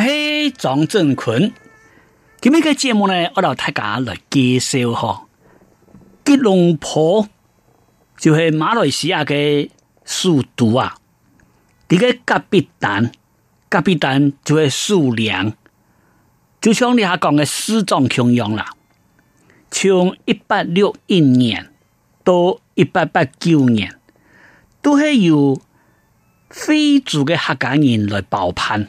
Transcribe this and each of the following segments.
係張振坤，今日個節目呢，我就睇下來介紹哈，吉隆坡就係馬來西亞的首都啊。呢個甲必丹，甲必丹就係數量，就像你阿講的史狀同樣啦，從一八六一年到一八八九年，都係由非族的客家人來包辦。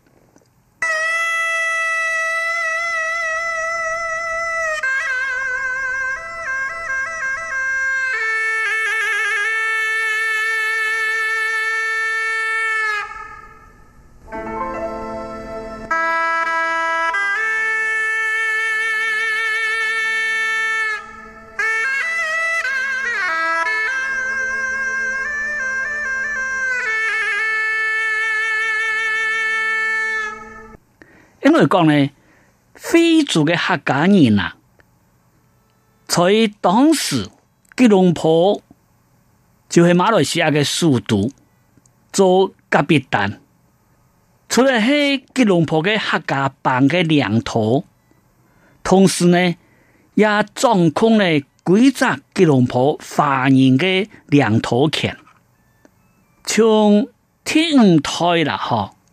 嚟講呢，非洲嘅客家人啊，在當時吉隆坡就係馬來西亞的首都，做甲必丹，除了係吉隆坡嘅客家幫嘅領袖，同時呢也掌控了規則吉隆坡華人嘅領導權，從天台啦嗬。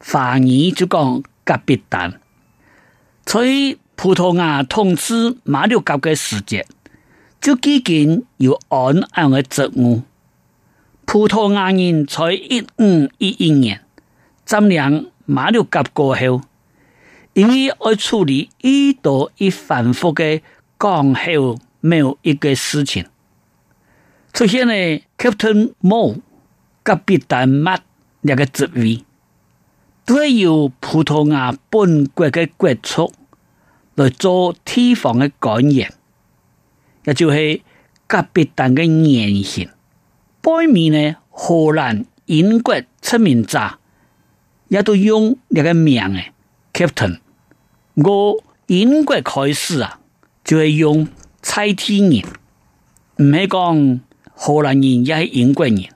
反而就講甲必丹，所以葡萄牙統治馬六甲嘅時節，就幾近有暗暗的職務。葡萄牙人在一五一一年佔領馬六甲過後，因為要處理一度一反覆的港口貿易嘅事情，出現呢 Captain Mo 甲必丹馬兩個職位。都要葡萄牙本國的貴族嚟做提防的官員，亦就是甲必丹的言行。背面呢，荷蘭、英國出名扎，也都用那個名嘅 captain。我英國開始啊，就係用猜天人，唔係講荷蘭人，而係英國人。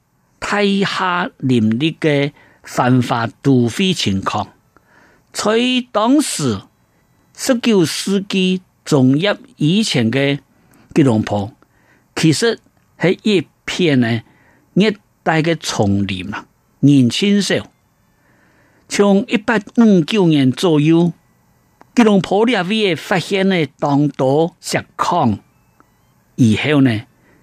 大廈林立嘅繁華都會情況。在當時十九世紀中葉以前嘅吉隆坡，其實係一片呢熱帶嘅叢林啊，年輕少，像一八五九年左右，吉隆坡呢邊發現呢當多錫礦，以後呢？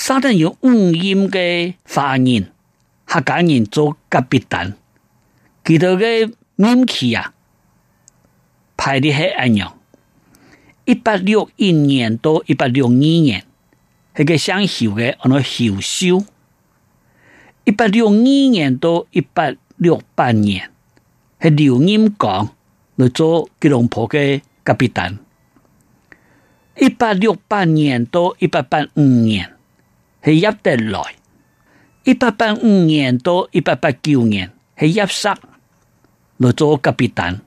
沙登有五音的華人客家人做甲必丹，佢度個名氣啊，排的係安樣。一八六一年到一八六二年，係個上朝的我哋朝燒。一八六二年到一八六八年，係劉壬光嚟做吉隆坡的甲必丹。一八六八年到一八八五年。係入得來，一八八五年到一八八九年係入室做甲必丹，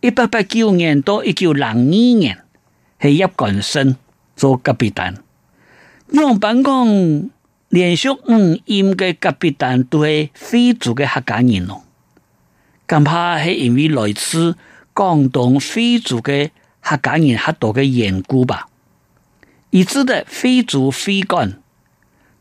一八八九年到一九零二年係葉觀盛做甲必丹。楊本剛連續五年，嘅甲必丹都係非族嘅客家人咯，恐怕係因為來自廣東非族嘅客家人太多嘅緣故吧。你知道非族非干？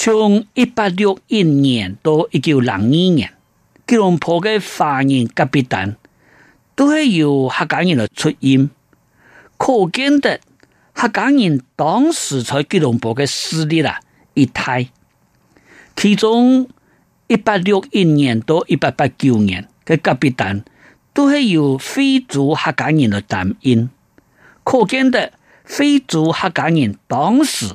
從一八六一年到一九零二年，吉隆坡的華人甲必丹都係由客家人嚟出任，可見得客家人當時在吉隆坡的勢力啦，亦大。其中一八六一年到一八八九年嘅甲必丹都係由非族客家人嚟擔任，可見得非族客家人當時。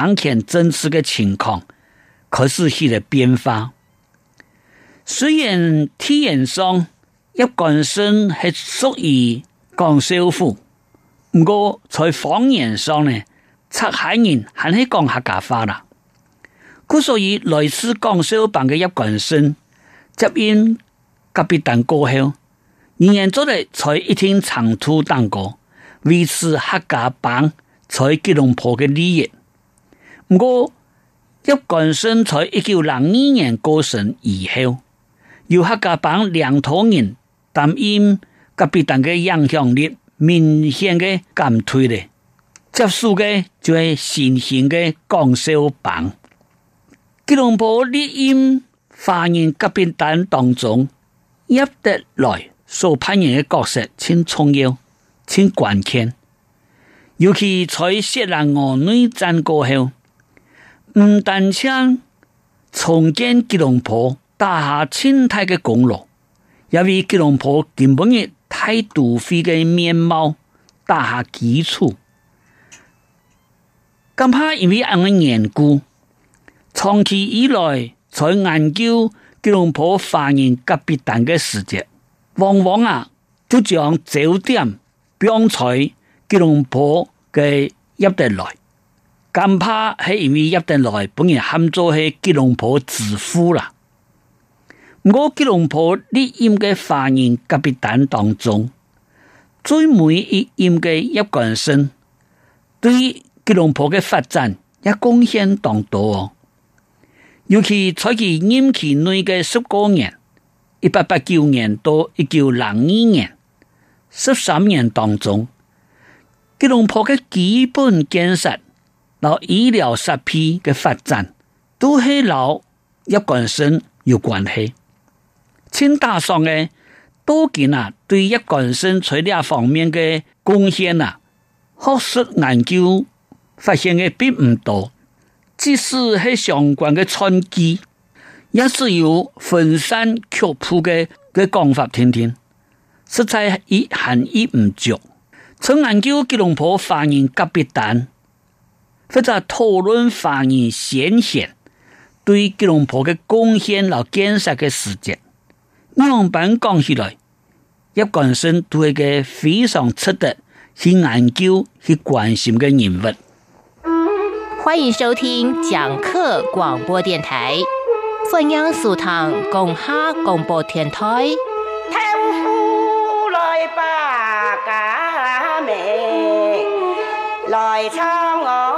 當前真實嘅情況，可是係個變化。雖然天驗上葉觀盛係屬於廣肇府，唔過在方言上呢，出海人還係講客家話啦。故所以類似廣肇幫嘅葉觀盛，接任甲必丹過後，仍然做日在一天長途當過，維持客家幫在吉隆坡嘅利益。唔過，葉觀盛在一九零二年過身以後，由客家幫領頭人，擔任，甲必丹嘅影響力明顯嘅減退咧，接手嘅就係新興嘅廣肇幫，吉隆坡啲因華人甲必丹當中葉德來所扮演嘅角色，好重要，好關鍵，尤其在雪蘭莪內戰過後。唔、嗯、但將重建吉隆坡大廈生態的功勞，也為吉隆坡根本的態度非的面貌打下基礎。咁怕因為呢個緣故，長期以來在研究吉隆坡發現甲必丹的事跡，往往啊就將焦點放在吉隆坡嘅葉德來。咁怕係因為入定來，本人喊做係吉隆坡之父啦。我吉隆坡呢，歷任嘅華人甲必丹當中，最尾一任嘅係葉觀盛，對吉隆坡嘅發展也貢獻當多。尤其在佢任期內嘅十幾年，一八八九年到一九零二年十三年當中，吉隆坡嘅基本建設。老醫療設備的發展，都係老葉觀盛有關係。青大上嘅多見啊，對葉觀盛材料方面的貢獻啊，學術研究發現的並唔多。即使係相關嘅傳記，也是有分散曲譜的嘅講法。聽聽，實在含義唔足。從研究吉隆坡發現甲必丹。或者討論華人先賢對吉隆坡嘅貢獻和的時間，勞建設嘅事蹟，兩本講起來，對葉觀盛都係個非常值得去研究、去關心嘅人物。歡迎收聽講課廣播電台，鳳央書堂公哈廣播電台。來把歌，來唱我。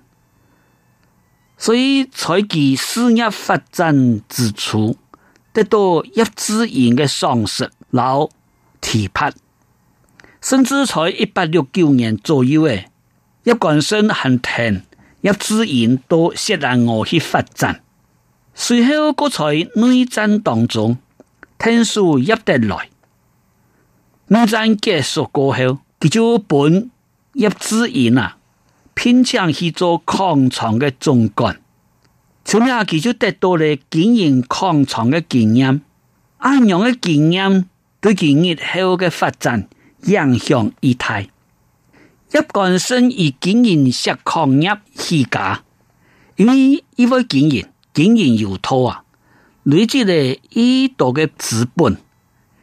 所以在佢事業發展之初，得到葉致英的賞識，然後提拔，甚至在一八六九年左右葉觀盛還行葉致英到雪蘭莪去發展，隨後佢在內戰當中天數葉德來，內戰結束過後，佢就本葉致英啦，啊。經常去做礦場的總管，咁樣佢就得到了經營礦場的經驗，安樣的經驗，對經營後嘅發展影響極大。一干生意經營石礦業係假，因為呢經營經營有托啊，累積了呢度嘅資本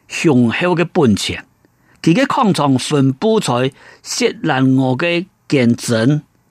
雄厚的本錢，佢嘅礦場分布在錫林河嘅建成。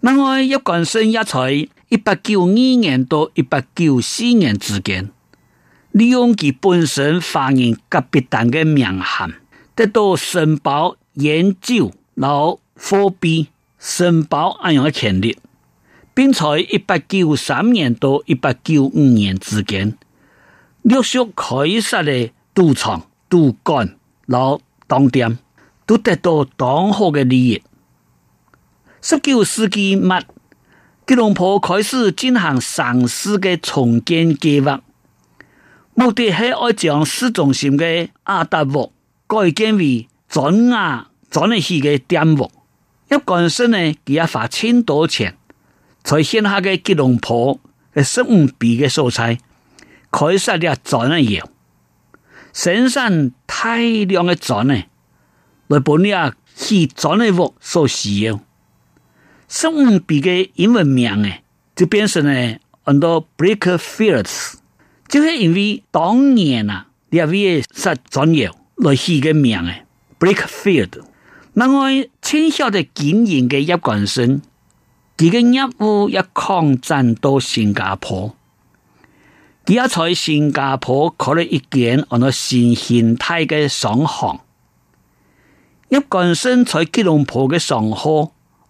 另外，葉觀盛也在一八九二年到一八九四年之間，利用其本身法人及甲必丹的名銜，得到申報研究、老貨幣申報咁樣嘅權利，並在一八九三年到一八九五年之間，陸續開設嘅賭場、賭館、老當店，都得到當好嘅利益。十九世紀末，吉隆坡開始進行城市的重建計劃，目的是要將市中心的亞答屋改建為磚瓦轉去去的店鋪。一講聲呢，給他花千多錢，才現下嘅吉隆坡的十五碑的素材開設咗磚窯，生產大量的磚呢，來幫你阿去磚嘅屋所需要。生物俾嘅英文名咧，就變成了很多 Brickfields，就是 field，因為當年啊，你還為咗專業嚟試嘅名誒 Brickfields。那我青少的經營的葉觀盛，佢個業務一擴展到新加坡，佢喺新加坡開咗一間我哋新形態的商行，葉觀盛在吉隆坡的上號。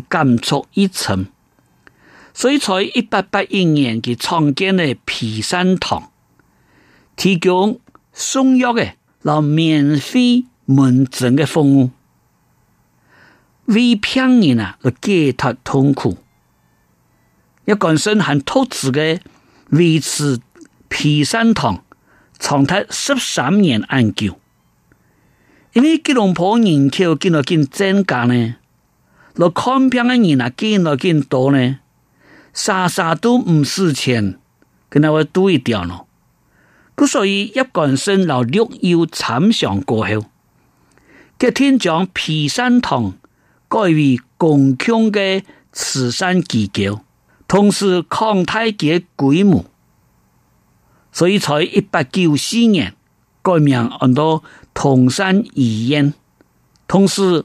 感觸一層，所以，在一八八一年，佮創建了皮山堂，提供送藥嘅、讓免費門診嘅服務，為病人呐，解脱痛苦，要本身含透支嘅維持皮山堂，長達十三年之久，因為吉隆坡人口越來越增加呢。羅看病嘅人啊，見羅見多呢，啥啥都唔使錢，跟他會對一點咯。咁所以葉觀盛老六有參詳過後，決定將培善堂改為共窮嘅慈善機構，同時擴大嘅規模，所以在一八九四年改名很多同善醫院，同時。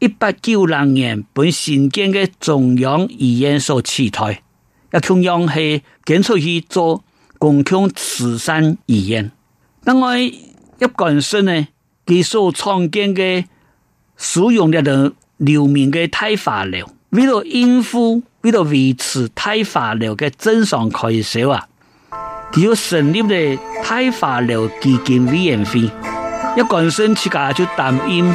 一八九六年被新建的中央醫院所取代，一種用是捐出去做共同慈善醫院。當我葉觀盛呢，其所創建的使用留名的個流民的太華寮，為了應付、為了維持太華寮的正常開銷啊，要成立的太華寮基金委員會，葉觀盛出家就答應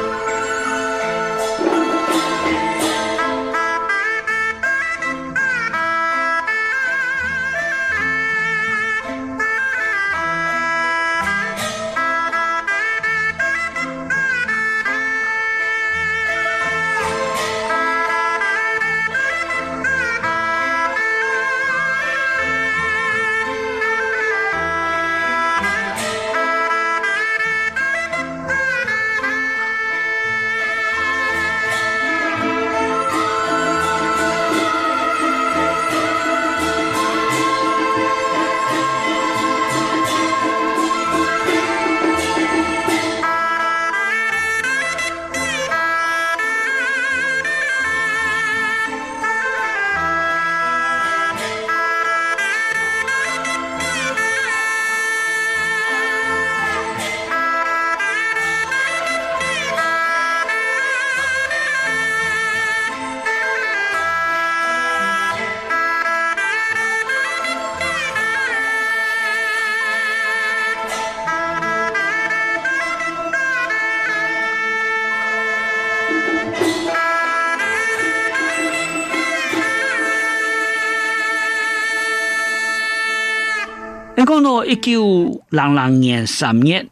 一九零零年十月，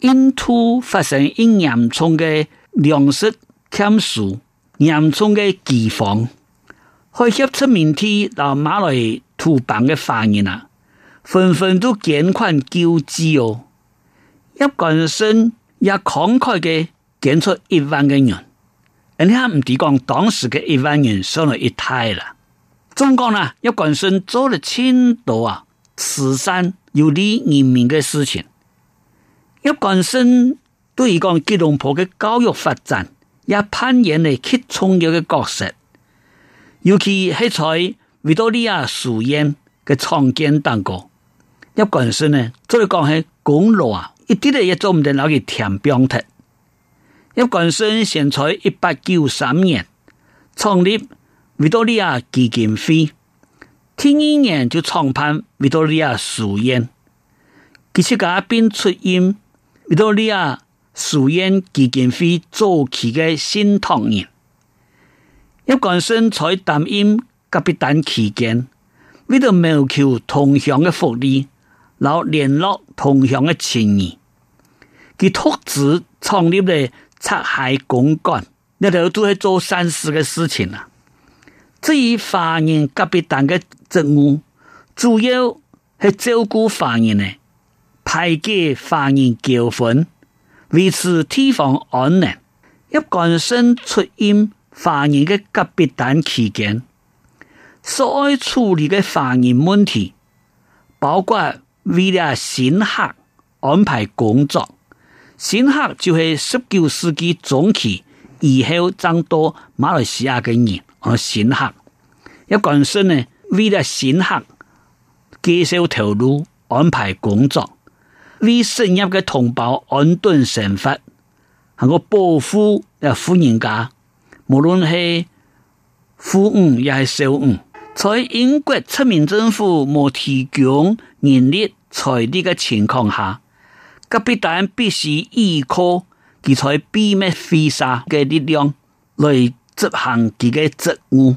印度發生一嚴重嘅糧食歉收，嚴重嘅饑荒。海峽殖民地到馬來土邦嘅華人啊，紛紛都捐款救濟哦。葉觀盛也慷慨嘅捐出一萬嘅人，而你睇唔地講當時嘅一萬元上到一梯啦，中國呢，葉觀盛做了千多啊。慈善有利於人民的事情，葉觀盛對於講吉隆坡的教育發展也扮演了極重要的角色，尤其係在維多利亞書院的創建當中。葉觀盛呢，作為講喺公路啊，一啲呢也做唔掂，攞佢填平。題。葉觀盛先在一八九三年創立維多利亞基金會。新一年就創辦維多利亞書院，佢自家并出因維多利亞書院基金會做起嘅新湯圓，葉觀盛在擔任甲必丹期間，為咗謀求同鄉的福利，然後聯絡同鄉的情誼，佢托資創立了赤溪公館，那頭都係做善事嘅事情啊。至於華人甲必丹嘅。職務主要係照顧華人呢，排解華人糾紛，維持地方安寧。一講生出現華人的隔別等事件，所愛處理嘅華人問題，包括為了新客安排工作，新客就係十九世紀中期以後增多馬來西亞嘅人和新客。一講生呢？為了選客，介紹頭路，安排工作，為新入嘅同胞安頓生活，係個保護嘅富人家，無論係富翁抑係少翁，在英國殖民政府冇提供人力財力嘅情況下，甲必丹必須依靠佢在秘密飛沙嘅力量來執行佢嘅職務。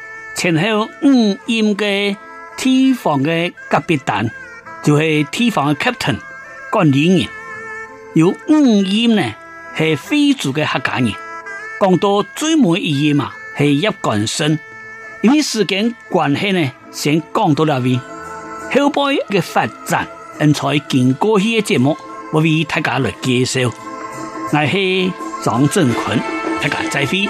前後五任的提防的甲必丹，就是提防的 captain，管理員。有五任呢，是非主的客家人。講到最尾一嘛、啊，是葉觀盛。因為時間關係呢，先講到了尾。後輩的發展，嗯，在經過呢個節目，我為大家來介紹。是張振坤，大家再會。